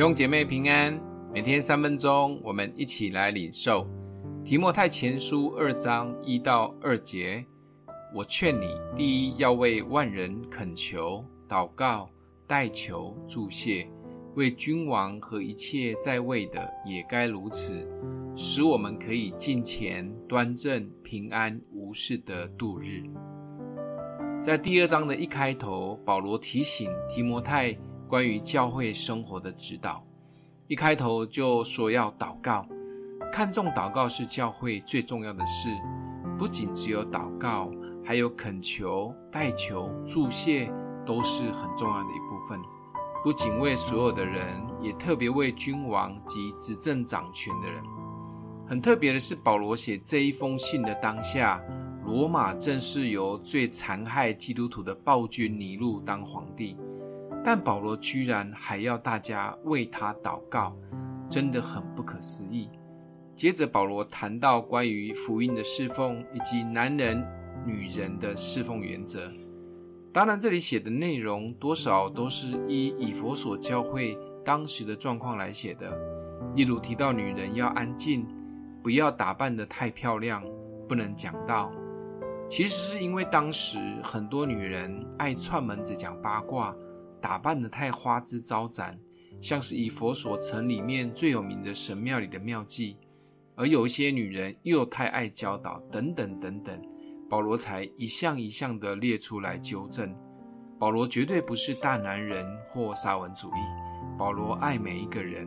弟兄姐妹平安，每天三分鐘，我們一起來領受提摩太前書二章一到二節。我勸你，第一要為萬人懇求、禱告、代求、祝謝，為君王和一切在位的也該如此，使我們可以敬虔端正、平安、無事的度日。在第二章的一開頭，保羅提醒提摩太。關於教會生活的指導，一開頭就說要禱告，看重禱告是教會最重要的事。不僅只有禱告，還有懇求、代求、祝謝，都是很重要的一部分。不僅為所有的人，也特別為君王及執政掌權的人。很特別的是，保羅寫這一封信的當下，羅馬正是由最殘害基督徒的暴君尼祿當皇帝。但保羅居然還要大家為他禱告，真的很不可思議。接着，保羅談到關於福音的事奉以及男人、女人的事奉原則。當然，這裡寫的內容多少都是依以弗所教會當時的狀況來寫的。例如提到女人要安靜，不要打扮得太漂亮，不能講道。其實是因為當時很多女人愛串門子講八卦。打扮的太花枝招展，像是以弗所城裡面最有名的神廟裡的廟妓，而有一些女人又太愛教導，等等等等，保羅才一項一項的列出來糾正。保羅絕對不是大男人或沙文主義，保羅愛每一個人，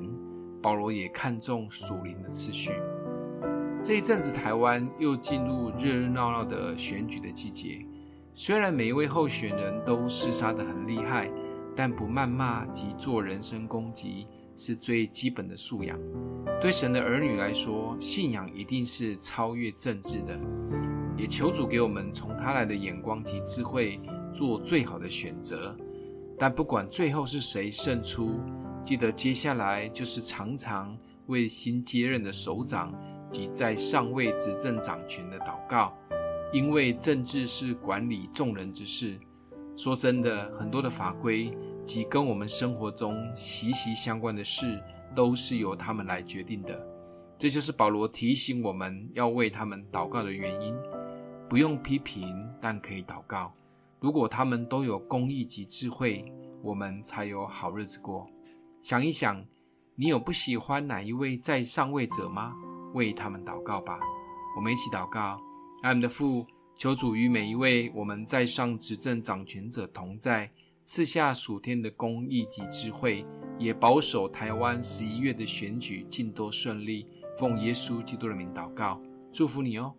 保羅也看重屬靈的次序。這一陣子台灣又進入熱熱鬧鬧的選舉的季節，雖然每一位候選人都廝殺的很厲害。但不謾罵及做人身攻擊是最基本的素養。對神的兒女來說，信仰一定是超越政治的。也求主給我們從祂來的眼光及智慧，做最好的選擇。但不管最後是誰勝出，記得接下來就是常常為新接任的首長及在上位執政掌權的禱告，因為政治是管理眾人之事。說真的，很多的法規及跟我們生活中息息相關的事，都是由他們來決定的。這就是保羅提醒我們要為他們禱告的原因。不用批評，但可以禱告。如果他們都有公義及智慧，我們才有好日子過。想一想，你有不喜歡哪一位在上位者嗎？為他們禱告吧。我們一起禱告，愛我們的父。求主與每一位我們在上執政掌權者同在，賜下屬天的公義及智慧，也保守台灣十一月的選舉盡都順利。奉耶穌基督的名禱告，祝福你哦。